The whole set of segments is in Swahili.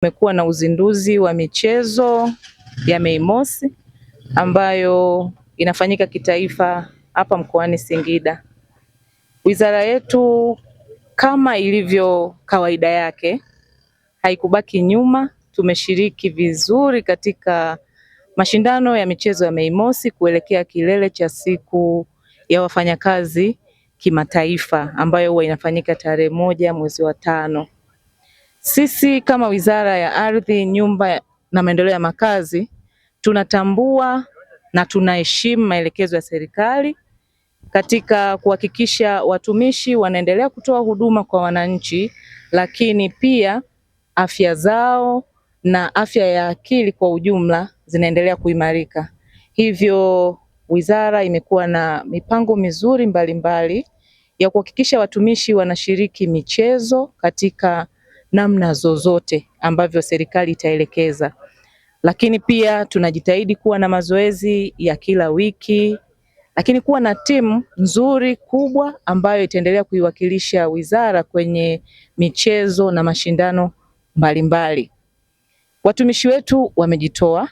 Kumekuwa na uzinduzi wa michezo ya Mei Mosi ambayo inafanyika kitaifa hapa mkoani Singida. Wizara yetu kama ilivyo kawaida yake haikubaki nyuma, tumeshiriki vizuri katika mashindano ya michezo ya Mei Mosi kuelekea kilele cha siku ya wafanyakazi kimataifa ambayo huwa inafanyika tarehe moja mwezi wa tano. Sisi kama Wizara ya Ardhi, Nyumba na Maendeleo ya Makazi tunatambua na tunaheshimu maelekezo ya serikali katika kuhakikisha watumishi wanaendelea kutoa huduma kwa wananchi, lakini pia afya zao na afya ya akili kwa ujumla zinaendelea kuimarika. Hivyo wizara imekuwa na mipango mizuri mbalimbali mbali ya kuhakikisha watumishi wanashiriki michezo katika namna zozote ambavyo serikali itaelekeza. Lakini pia tunajitahidi kuwa na mazoezi ya kila wiki, lakini kuwa na timu nzuri kubwa ambayo itaendelea kuiwakilisha wizara kwenye michezo na mashindano mbalimbali. Watumishi wetu wamejitoa.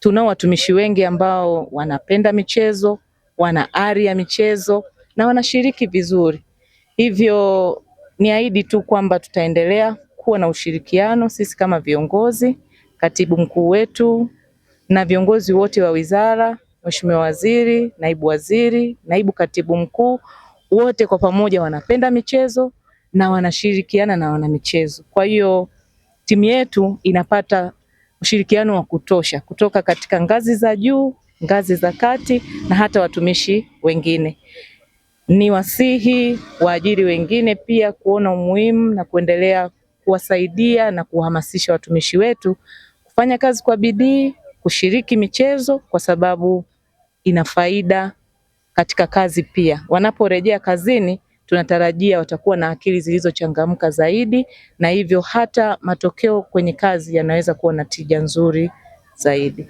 Tunao watumishi wengi ambao wanapenda michezo, wana ari ya michezo na wanashiriki vizuri, hivyo Niahidi tu kwamba tutaendelea kuwa na ushirikiano sisi kama viongozi, katibu mkuu wetu na viongozi wote wa wizara, mheshimiwa waziri, naibu waziri, naibu katibu mkuu, wote kwa pamoja wanapenda michezo na wanashirikiana na wanamichezo. Kwa hiyo timu yetu inapata ushirikiano wa kutosha kutoka katika ngazi za juu, ngazi za kati na hata watumishi wengine ni wasihi waajiri wengine pia kuona umuhimu na kuendelea kuwasaidia na kuhamasisha watumishi wetu kufanya kazi kwa bidii, kushiriki michezo kwa sababu ina faida katika kazi pia. Wanaporejea kazini, tunatarajia watakuwa na akili zilizochangamka zaidi, na hivyo hata matokeo kwenye kazi yanaweza kuwa na tija nzuri zaidi.